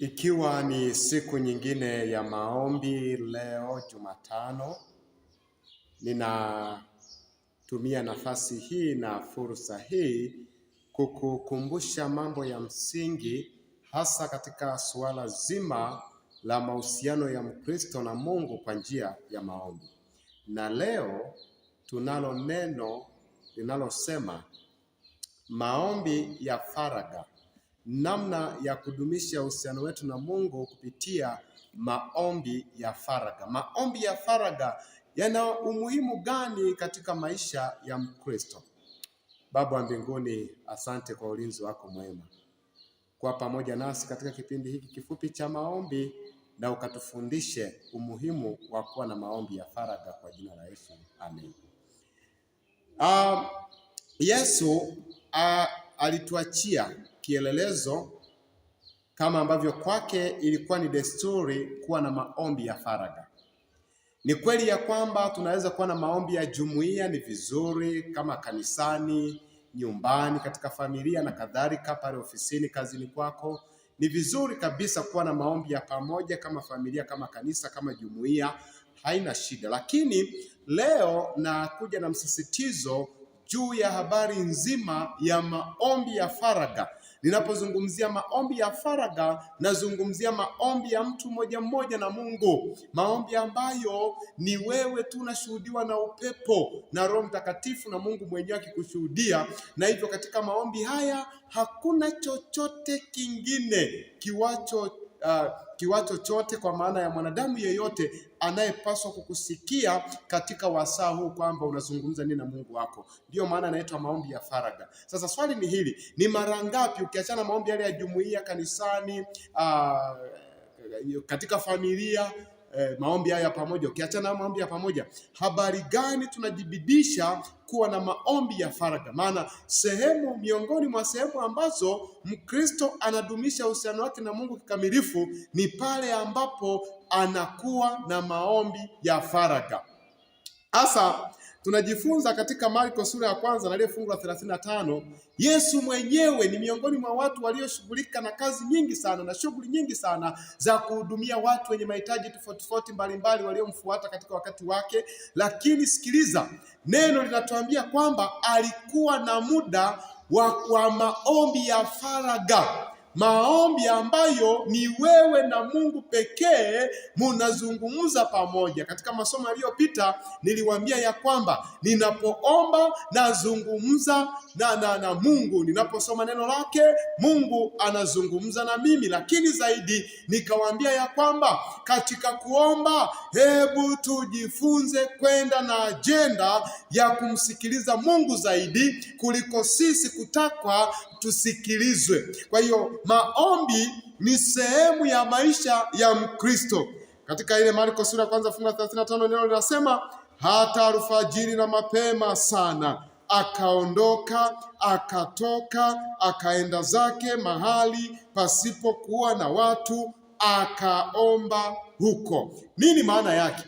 Ikiwa ni siku nyingine ya maombi, leo Jumatano, ninatumia nafasi hii na fursa hii kukukumbusha mambo ya msingi, hasa katika suala zima la mahusiano ya Mkristo na Mungu kwa njia ya maombi. Na leo tunalo neno linalosema maombi ya faragha namna ya kudumisha uhusiano wetu na Mungu kupitia maombi ya faraga Maombi ya faraga yana umuhimu gani katika maisha ya Mkristo? Baba wa mbinguni, asante kwa ulinzi wako mwema, kuwa pamoja nasi katika kipindi hiki kifupi cha maombi, na ukatufundishe umuhimu wa kuwa na maombi ya faraga kwa jina la Yesu, amen. Uh, Yesu uh, alituachia kielelezo kama ambavyo kwake ilikuwa ni desturi kuwa na maombi ya faraga Ni kweli ya kwamba tunaweza kuwa na maombi ya jumuiya, ni vizuri kama kanisani, nyumbani, katika familia na kadhalika, pale ofisini, kazini kwako. Ni vizuri kabisa kuwa na maombi ya pamoja kama familia, kama kanisa, kama jumuiya, haina shida. Lakini leo nakuja na msisitizo juu ya habari nzima ya maombi ya faraga Ninapozungumzia maombi ya faraga nazungumzia maombi ya mtu mmoja mmoja na Mungu, maombi ambayo ni wewe tu unashuhudiwa na upepo na Roho Mtakatifu na Mungu mwenyewe akikushuhudia. Na hivyo katika maombi haya hakuna chochote kingine kiwacho uh, kiwato chote, kwa maana ya mwanadamu yeyote anayepaswa kukusikia katika wasaa huu kwamba unazungumza nini na Mungu wako. Ndiyo maana anaitwa maombi ya faraga Sasa swali ni hili, ni mara ngapi, ukiachana maombi yale ya jumuiya kanisani, aa, ah, katika familia eh, maombi haya pamoja. Ukiachana na maombi ya pamoja, habari gani tunajibidisha kuwa na maombi ya faraga Maana sehemu miongoni mwa sehemu ambazo Mkristo anadumisha uhusiano wake na Mungu kikamilifu ni pale ambapo anakuwa na maombi ya faraga Hasa Tunajifunza katika Marko sura ya kwanza na ile fungu la 35, Yesu mwenyewe ni miongoni mwa watu walioshughulika na kazi nyingi sana na shughuli nyingi sana za kuhudumia watu wenye mahitaji tofauti tofauti mbalimbali waliomfuata katika wakati wake. Lakini sikiliza, neno linatuambia kwamba alikuwa na muda wa, wa maombi ya faraga maombi ambayo ni wewe na Mungu pekee munazungumza pamoja. Katika masomo yaliyopita niliwaambia ya kwamba ninapoomba nazungumza na, na, na Mungu, ninaposoma neno lake Mungu anazungumza na mimi, lakini zaidi nikawaambia ya kwamba katika kuomba, hebu tujifunze kwenda na ajenda ya kumsikiliza Mungu zaidi kuliko sisi kutakwa tusikilizwe. Kwa hiyo maombi ni sehemu ya maisha ya Mkristo. Katika ile Marko sura ya kwanza fungu la 35 neno linasema hata alfajiri na mapema sana akaondoka akatoka akaenda zake mahali pasipokuwa na watu akaomba huko. Nini maana yake?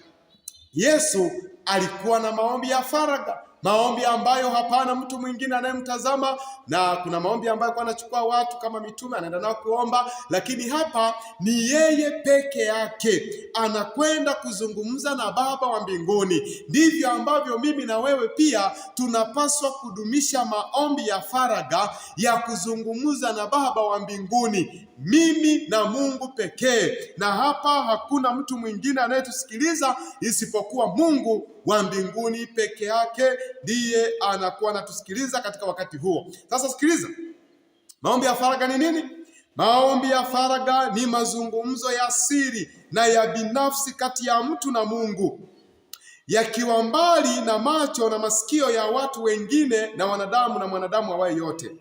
Yesu alikuwa na maombi ya faragha maombi ambayo hapana mtu mwingine anayemtazama, na kuna maombi ambayo kwa anachukua watu kama mitume anaenda nao kuomba, lakini hapa ni yeye peke yake anakwenda kuzungumza na Baba wa mbinguni. Ndivyo ambavyo mimi na wewe pia tunapaswa kudumisha maombi ya faragha ya kuzungumza na Baba wa mbinguni, mimi na Mungu pekee, na hapa hakuna mtu mwingine anayetusikiliza isipokuwa Mungu wa mbinguni peke yake ndiye anakuwa anatusikiliza katika wakati huo. Sasa sikiliza, maombi ya faraga ni nini? Maombi ya faraga ni mazungumzo ya siri na ya binafsi kati ya mtu na Mungu, yakiwa mbali na macho na masikio ya watu wengine na wanadamu na mwanadamu awaye yote.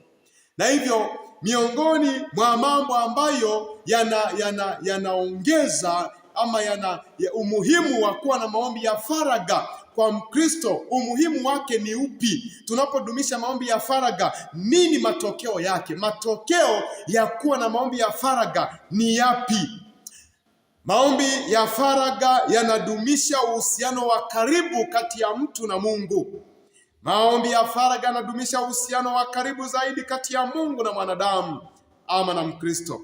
Na hivyo miongoni mwa mambo ambayo yanaongeza yana, yanaongeza ama yana ya umuhimu wa kuwa na maombi ya faraga kwa Mkristo umuhimu wake ni upi? Tunapodumisha maombi ya faraga, nini matokeo yake? Matokeo ya kuwa na maombi ya faraga ni yapi? Maombi ya faraga yanadumisha uhusiano wa karibu kati ya mtu na Mungu. Maombi ya faraga yanadumisha uhusiano wa karibu zaidi kati ya Mungu na mwanadamu ama na Mkristo.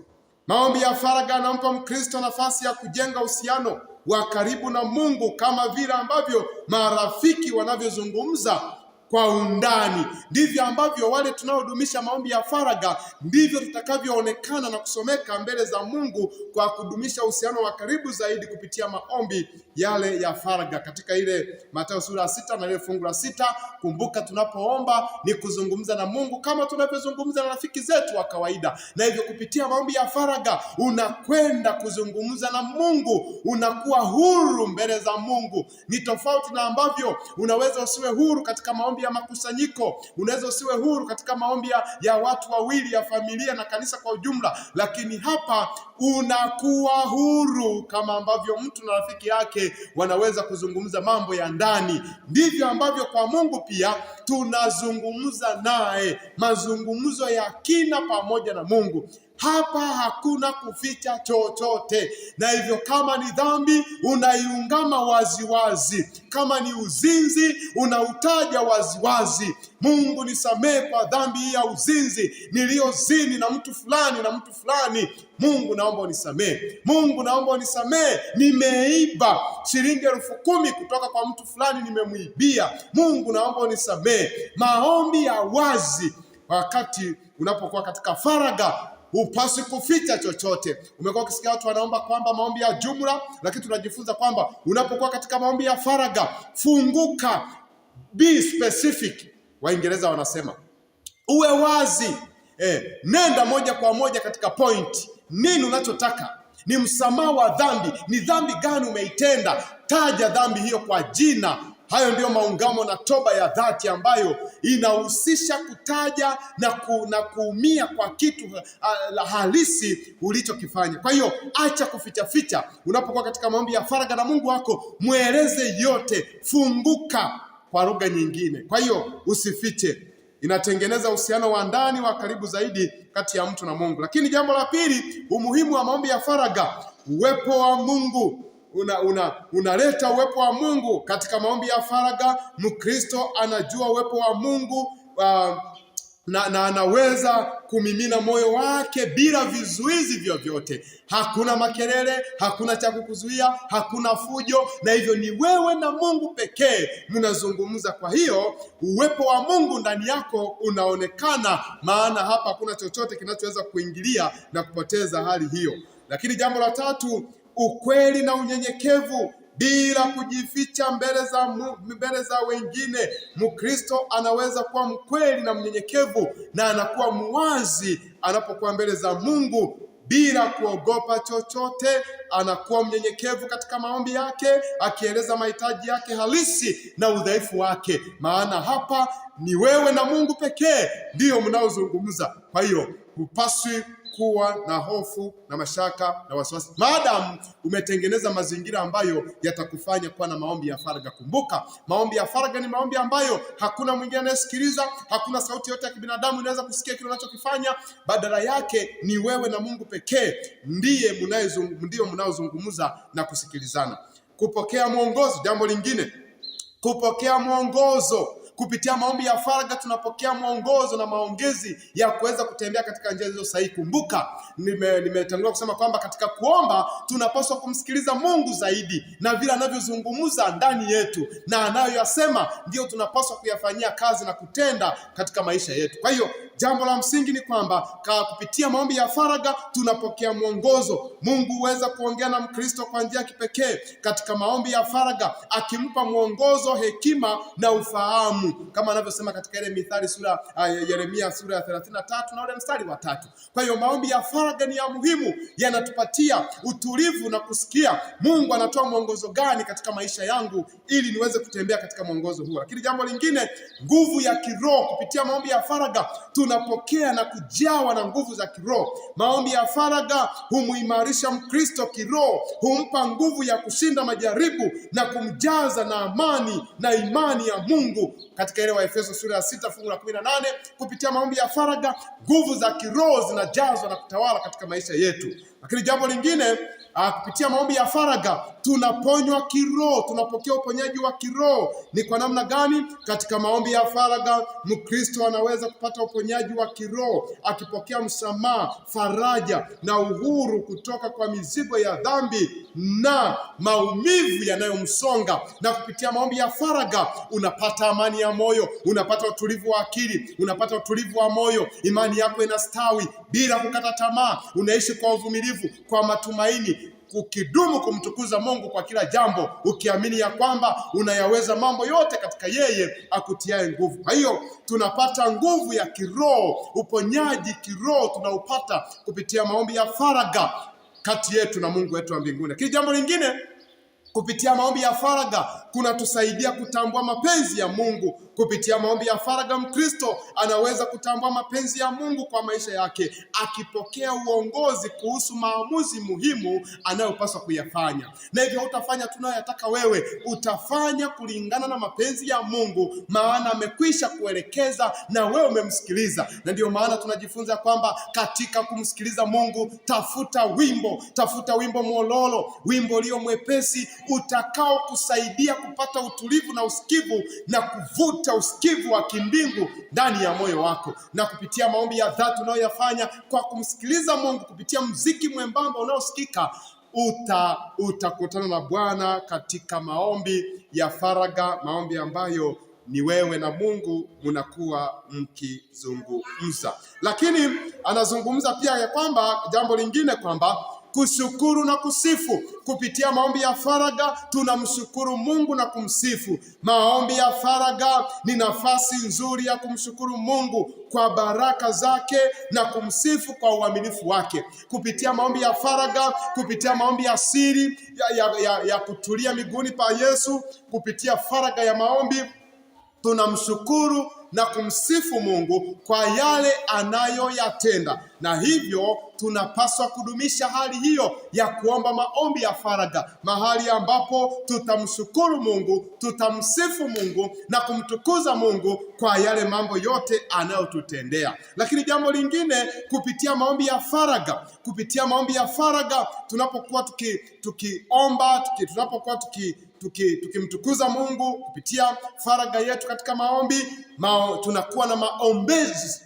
Maombi ya faraga yanampa Mkristo nafasi ya kujenga uhusiano wa karibu na Mungu, kama vile ambavyo marafiki wanavyozungumza kwa undani. Ndivyo ambavyo wale tunaodumisha maombi ya faraga ndivyo tutakavyoonekana na kusomeka mbele za Mungu kwa kudumisha uhusiano wa karibu zaidi kupitia maombi yale ya faraga Katika ile Mathayo sura ya sita na ile fungu la sita, kumbuka tunapoomba ni kuzungumza na Mungu kama tunavyozungumza na rafiki zetu wa kawaida, na hivyo kupitia maombi ya faraga unakwenda kuzungumza na Mungu, unakuwa huru mbele za Mungu. Ni tofauti na ambavyo unaweza usiwe huru katika maombi maombi ya makusanyiko, unaweza usiwe huru katika maombi ya watu wawili, ya familia na kanisa kwa ujumla, lakini hapa unakuwa huru kama ambavyo mtu na rafiki yake wanaweza kuzungumza mambo ya ndani. Ndivyo ambavyo kwa Mungu pia tunazungumza naye mazungumzo ya kina pamoja na Mungu. Hapa hakuna kuficha chochote, na hivyo kama ni dhambi unaiungama waziwazi, kama ni uzinzi unautaja waziwazi. Mungu nisamehe kwa dhambi hii ya uzinzi, niliyozini na mtu fulani na mtu fulani. Mungu naomba unisamehe. Mungu naomba unisamehe, nimeiba shilingi elfu kumi kutoka kwa mtu fulani, nimemwibia. Mungu naomba unisamehe. Maombi ya wazi wakati unapokuwa katika faraga hupaswi kuficha chochote. Umekuwa ukisikia watu wanaomba kwamba maombi ya jumla, lakini tunajifunza kwamba unapokuwa katika maombi ya faraga, funguka, be specific. Waingereza wanasema uwe wazi eh, nenda moja kwa moja katika point. Nini unachotaka? Ni msamaha wa dhambi? Ni dhambi gani umeitenda? Taja dhambi hiyo kwa jina Hayo ndiyo maungamo na toba ya dhati ambayo inahusisha kutaja na, ku, na kuumia kwa kitu uh, la halisi ulichokifanya. Kwa hiyo acha kufichaficha. Unapokuwa katika maombi ya faraga na Mungu wako, mweleze yote, funguka kwa lugha nyingine. Kwa hiyo usifiche, inatengeneza uhusiano wa ndani wa karibu zaidi kati ya mtu na Mungu. Lakini jambo la pili, umuhimu wa maombi ya faraga uwepo wa Mungu una, una, unaleta uwepo wa Mungu katika maombi ya faraga Mkristo anajua uwepo wa Mungu uh, na, na anaweza kumimina moyo wake bila vizuizi vyovyote. Hakuna makelele, hakuna cha kukuzuia, hakuna fujo, na hivyo ni wewe na Mungu pekee mnazungumza. Kwa hiyo uwepo wa Mungu ndani yako unaonekana, maana hapa hakuna chochote kinachoweza kuingilia na kupoteza hali hiyo. Lakini jambo la tatu ukweli na unyenyekevu bila kujificha mbele za mbele za wengine. Mkristo anaweza kuwa mkweli na mnyenyekevu na anakuwa mwazi anapokuwa mbele za Mungu bila kuogopa chochote. Anakuwa mnyenyekevu katika maombi yake, akieleza mahitaji yake halisi na udhaifu wake, maana hapa ni wewe na Mungu pekee ndiyo mnaozungumza. Kwa hiyo hupaswi kuwa na hofu na mashaka na wasiwasi, maadamu umetengeneza mazingira ambayo yatakufanya kuwa na maombi ya faraga Kumbuka, maombi ya faraga ni maombi ambayo hakuna mwingine anayesikiliza, hakuna sauti yote ya kibinadamu inaweza kusikia kile unachokifanya. Badala yake ni wewe na Mungu pekee ndiye ndio mnaozungumza na kusikilizana. Kupokea mwongozo, jambo lingine, kupokea mwongozo Kupitia maombi ya faraga tunapokea mwongozo na maongezi ya kuweza kutembea katika njia zilizo sahihi. Kumbuka, nimetangulia nime kusema kwamba katika kuomba tunapaswa kumsikiliza Mungu zaidi na vile anavyozungumza ndani yetu na anayoyasema ndiyo tunapaswa kuyafanyia kazi na kutenda katika maisha yetu. Kwa hiyo jambo la msingi ni kwamba ka kupitia maombi ya faraga tunapokea mwongozo. Mungu huweza kuongea na Mkristo kwa njia ya kipekee katika maombi ya faraga akimpa mwongozo, hekima na ufahamu maalum kama anavyosema katika ile Mithali sura ah, ya Yeremia sura ya 33 na ule mstari wa tatu. Kwa hiyo maombi ya faraga ni ya muhimu, yanatupatia utulivu na kusikia Mungu anatoa mwongozo gani katika maisha yangu ili niweze kutembea katika mwongozo huo. Lakini jambo lingine, nguvu ya kiroho kupitia maombi ya faraga tunapokea na kujawa na nguvu za kiroho. Maombi ya faraga humuimarisha Mkristo kiroho, humpa nguvu ya kushinda majaribu na kumjaza na amani na imani ya Mungu katika ile Waefeso sura ya sita fungu la kumi na nane kupitia maombi ya faraga nguvu za kiroho zinajazwa na kutawala katika maisha yetu. Lakini jambo lingine uh, kupitia maombi ya faraga tunaponywa kiroho, tunapokea uponyaji wa kiroho. Ni kwa namna gani? Katika maombi ya faraga Mkristo anaweza kupata uponyaji wa kiroho, akipokea msamaha, faraja na uhuru kutoka kwa mizigo ya dhambi na maumivu yanayomsonga. Na kupitia maombi ya faraga unapata amani ya moyo, unapata utulivu wa akili, unapata utulivu wa moyo, imani yako inastawi bila kukata tamaa, unaishi kwa uvumilivu utulivu, kwa matumaini, ukidumu kumtukuza Mungu kwa kila jambo, ukiamini ya kwamba unayaweza mambo yote katika yeye akutiaye nguvu. Kwa hiyo tunapata nguvu ya kiroho, uponyaji kiroho tunaupata kupitia maombi ya faraga kati yetu na Mungu wetu wa mbinguni. Lakini jambo lingine, kupitia maombi ya faraga kunatusaidia kutambua mapenzi ya Mungu Kupitia maombi ya faraga Mkristo anaweza kutambua mapenzi ya Mungu kwa maisha yake, akipokea uongozi kuhusu maamuzi muhimu anayopaswa kuyafanya. Na hivyo utafanya tunayoyataka wewe, utafanya kulingana na mapenzi ya Mungu, maana amekwisha kuelekeza na wewe umemsikiliza. Na ndiyo maana tunajifunza kwamba katika kumsikiliza Mungu, tafuta wimbo, tafuta wimbo mwololo, wimbo ulio mwepesi utakaokusaidia kupata utulivu na usikivu na kuvuta cha usikivu wa kimbingu ndani ya moyo wako, na kupitia maombi ya dhati unayoyafanya kwa kumsikiliza Mungu kupitia mziki mwembamba unaosikika uta utakutana na Bwana katika maombi ya faraga, maombi ambayo ni wewe na Mungu mnakuwa mkizungumza. Lakini anazungumza pia ya kwamba jambo lingine kwamba kushukuru na kusifu. Kupitia maombi ya faraga tunamshukuru Mungu na kumsifu. Maombi ya faraga ni nafasi nzuri ya kumshukuru Mungu kwa baraka zake na kumsifu kwa uaminifu wake. Kupitia maombi ya faraga, kupitia maombi ya siri ya, ya, ya, ya kutulia miguuni pa Yesu, kupitia faraga ya maombi tunamshukuru na kumsifu Mungu kwa yale anayoyatenda, na hivyo tunapaswa kudumisha hali hiyo ya kuomba maombi ya faraga mahali ambapo tutamshukuru Mungu, tutamsifu Mungu na kumtukuza Mungu kwa yale mambo yote anayotutendea. Lakini jambo lingine, kupitia maombi ya faraga kupitia maombi ya faraga tunapokuwa tukiomba tuki, tuki, tunapokuwa tuki tukimtukuza tuki Mungu kupitia faraga yetu katika maombi ma, tunakuwa na maombezi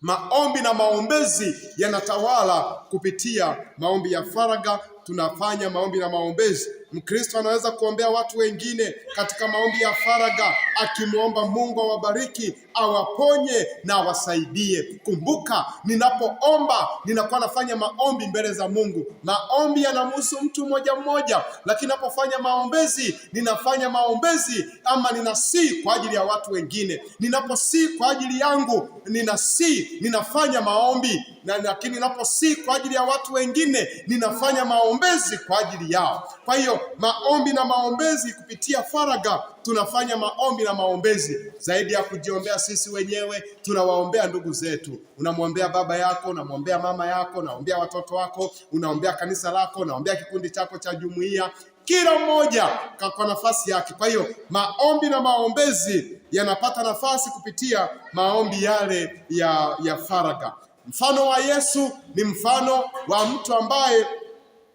maombi na maombezi yanatawala kupitia maombi ya faraga tunafanya maombi na maombezi. Mkristo anaweza kuombea watu wengine katika maombi ya faraga akimwomba Mungu awabariki, awaponye na awasaidie. Kumbuka, ninapoomba ninakuwa nafanya maombi mbele za Mungu. Maombi yanamhusu mtu mmoja mmoja, lakini ninapofanya maombezi ninafanya maombezi ama ninasii kwa ajili ya watu wengine. Ninaposii kwa ajili yangu ninasii, ninafanya maombi na lakini naposii kwa ajili ya watu wengine, ninafanya maombezi kwa ajili yao. Kwa hiyo maombi na maombezi, kupitia faraga tunafanya maombi na maombezi. Zaidi ya kujiombea sisi wenyewe, tunawaombea ndugu zetu. Unamwombea baba yako, unamwombea mama yako, unaombea watoto wako, unaombea kanisa lako, unaombea kikundi chako cha jumuiya kila mmoja kwa nafasi yake. Kwa hiyo maombi na maombezi yanapata nafasi kupitia maombi yale ya, ya faraga. Mfano wa Yesu ni mfano wa mtu ambaye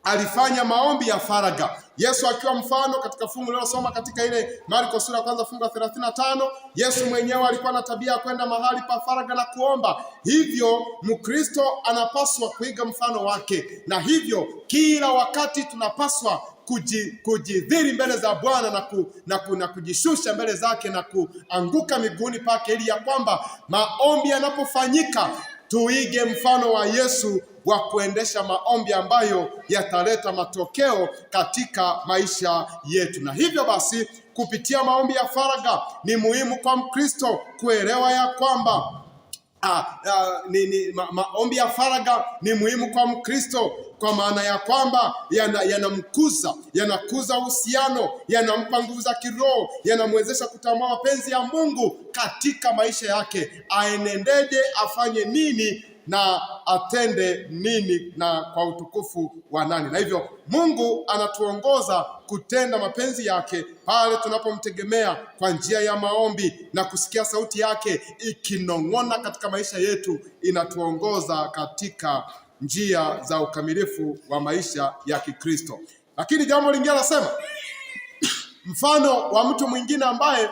alifanya maombi ya faraga. Yesu akiwa mfano katika fungu lilosoma katika ile Marko sura ya kwanza fungu la 35, Yesu mwenyewe alikuwa na tabia ya kwenda mahali pa faraga na kuomba. Hivyo Mkristo anapaswa kuiga mfano wake, na hivyo kila wakati tunapaswa kujidhiri mbele za Bwana na, ku, na, ku, na kujishusha mbele zake na kuanguka miguuni pake ili ya kwamba maombi yanapofanyika tuige mfano wa Yesu wa kuendesha maombi ambayo yataleta matokeo katika maisha yetu. Na hivyo basi, kupitia maombi ya faraga ni muhimu kwa Mkristo kuelewa ya kwamba Ah, ah, ni, ni, ma, maombi ya faraga ni muhimu kwa Mkristo kwa maana ya kwamba yanamkuza yana yanakuza uhusiano, yanampa nguvu za kiroho, yanamwezesha kutambua mapenzi ya Mungu katika maisha yake, aenendeje, afanye nini na atende nini na kwa utukufu wa nani. Na hivyo Mungu anatuongoza kutenda mapenzi yake pale tunapomtegemea kwa njia ya maombi na kusikia sauti yake ikinong'ona katika maisha yetu, inatuongoza katika njia za ukamilifu wa maisha ya Kikristo. Lakini jambo lingine anasema mfano wa mtu mwingine ambaye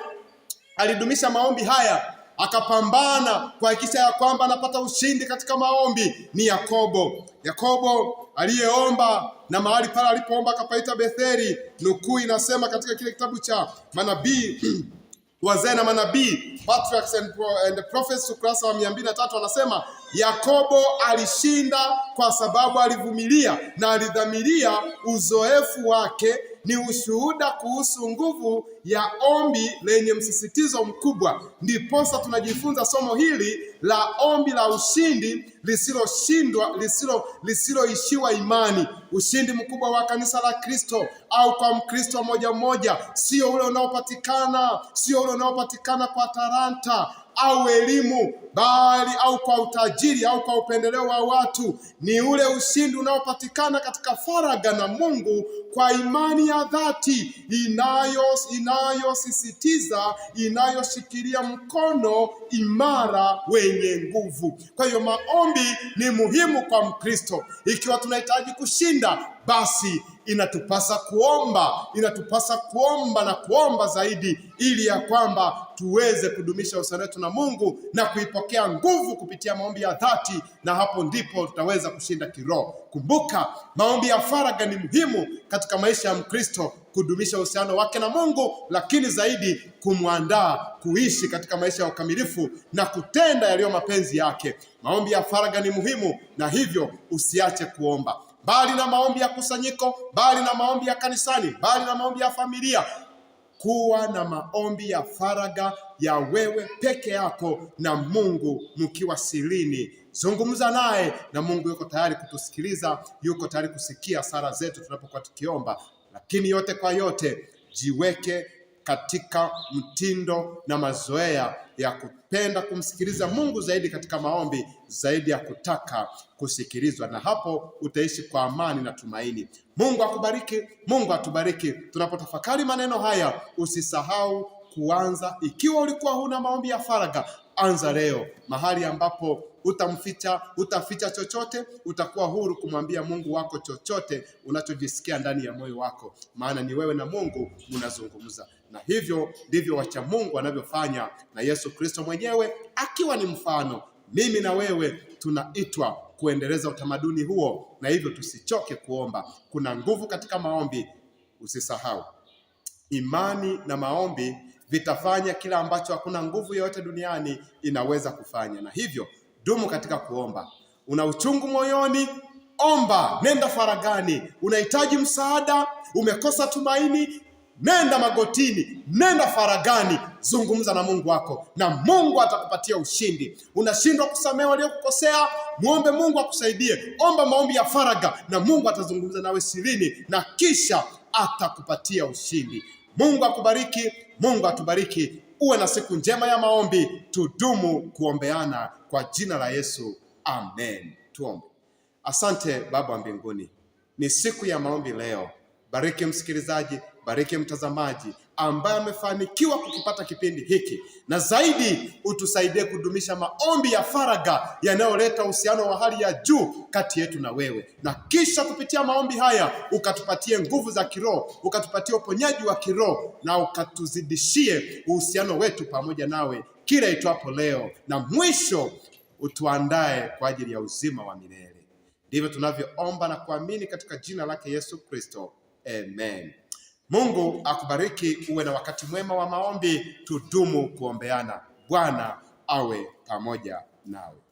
alidumisha maombi haya akapambana kuhakikisha ya kwamba anapata ushindi katika maombi ni Yakobo. Yakobo aliyeomba na mahali pale alipoomba akapaita Betheli. Nukuu inasema katika kile kitabu cha manabii wazee na manabii Patriarchs and Prophets ukurasa wa mia mbili na tatu anasema Yakobo alishinda kwa sababu alivumilia na alidhamiria uzoefu wake ni ushuhuda kuhusu nguvu ya ombi lenye msisitizo mkubwa. Ndiposa tunajifunza somo hili la ombi la ushindi lisiloshindwa, lisilo lisiloishiwa imani. Ushindi mkubwa wa kanisa la Kristo au kwa Mkristo moja moja, sio ule unaopatikana, sio ule unaopatikana kwa talanta au elimu, bali au kwa utajiri au kwa upendeleo wa watu, ni ule ushindi unaopatikana katika faraga na Mungu kwa imani ya dhati inayosisitiza, inayoshikilia mkono imara wenye nguvu. Kwa hiyo maombi ni muhimu kwa Mkristo ikiwa tunahitaji kushinda basi inatupasa kuomba, inatupasa kuomba na kuomba zaidi, ili ya kwamba tuweze kudumisha uhusiano wetu na Mungu na kuipokea nguvu kupitia maombi ya dhati, na hapo ndipo tutaweza kushinda kiroho. Kumbuka, maombi ya faraga ni muhimu katika maisha ya Mkristo kudumisha uhusiano wake na Mungu, lakini zaidi kumwandaa kuishi katika maisha ya ukamilifu na kutenda yaliyo mapenzi yake. Maombi ya faraga ni muhimu, na hivyo usiache kuomba bali na maombi ya kusanyiko, mbali na maombi ya kanisani, mbali na maombi ya familia, kuwa na maombi ya faraga ya wewe peke yako na Mungu mkiwa sirini. Zungumza naye na Mungu yuko tayari kutusikiliza, yuko tayari kusikia sala zetu tunapokuwa tukiomba. Lakini yote kwa yote, jiweke katika mtindo na mazoea ya kupenda kumsikiliza Mungu zaidi katika maombi zaidi ya kutaka kusikilizwa, na hapo utaishi kwa amani na tumaini. Mungu akubariki, Mungu atubariki. Tunapotafakari maneno haya, usisahau kuanza. Ikiwa ulikuwa huna maombi ya faraga anza leo, mahali ambapo utamficha utaficha chochote, utakuwa huru kumwambia Mungu wako chochote unachojisikia ndani ya moyo wako, maana ni wewe na Mungu mnazungumza na hivyo ndivyo wacha Mungu anavyofanya, na Yesu Kristo mwenyewe akiwa ni mfano. Mimi na wewe tunaitwa kuendeleza utamaduni huo, na hivyo tusichoke kuomba. Kuna nguvu katika maombi. Usisahau, imani na maombi vitafanya kila ambacho hakuna nguvu yoyote duniani inaweza kufanya, na hivyo dumu katika kuomba. Una uchungu moyoni, omba. Nenda faragani. Unahitaji msaada, umekosa tumaini, nenda magotini, nenda faragani, zungumza na Mungu wako na Mungu atakupatia ushindi. Unashindwa kusamehe waliokukosea, muombe Mungu akusaidie. Omba maombi ya faraga na Mungu atazungumza nawe sirini na kisha atakupatia ushindi. Mungu akubariki, Mungu atubariki. Uwe na siku njema ya maombi, tudumu kuombeana kwa jina la Yesu, amen. Tuombe. Asante Baba wa mbinguni, ni siku ya maombi leo. Bariki msikilizaji bariki mtazamaji ambaye amefanikiwa kukipata kipindi hiki, na zaidi utusaidie kudumisha maombi ya faraga yanayoleta uhusiano wa hali ya juu kati yetu na wewe, na kisha kupitia maombi haya ukatupatie nguvu za kiroho, ukatupatie uponyaji wa kiroho, na ukatuzidishie uhusiano wetu pamoja nawe kila itwapo leo, na mwisho utuandae kwa ajili ya uzima wa milele. Ndivyo tunavyoomba na kuamini katika jina lake Yesu Kristo, amen. Mungu akubariki, uwe na wakati mwema wa maombi. Tudumu kuombeana. Bwana awe pamoja nawe.